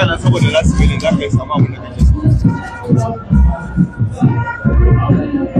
sa nan saboda su minute za ka yi samu abin da su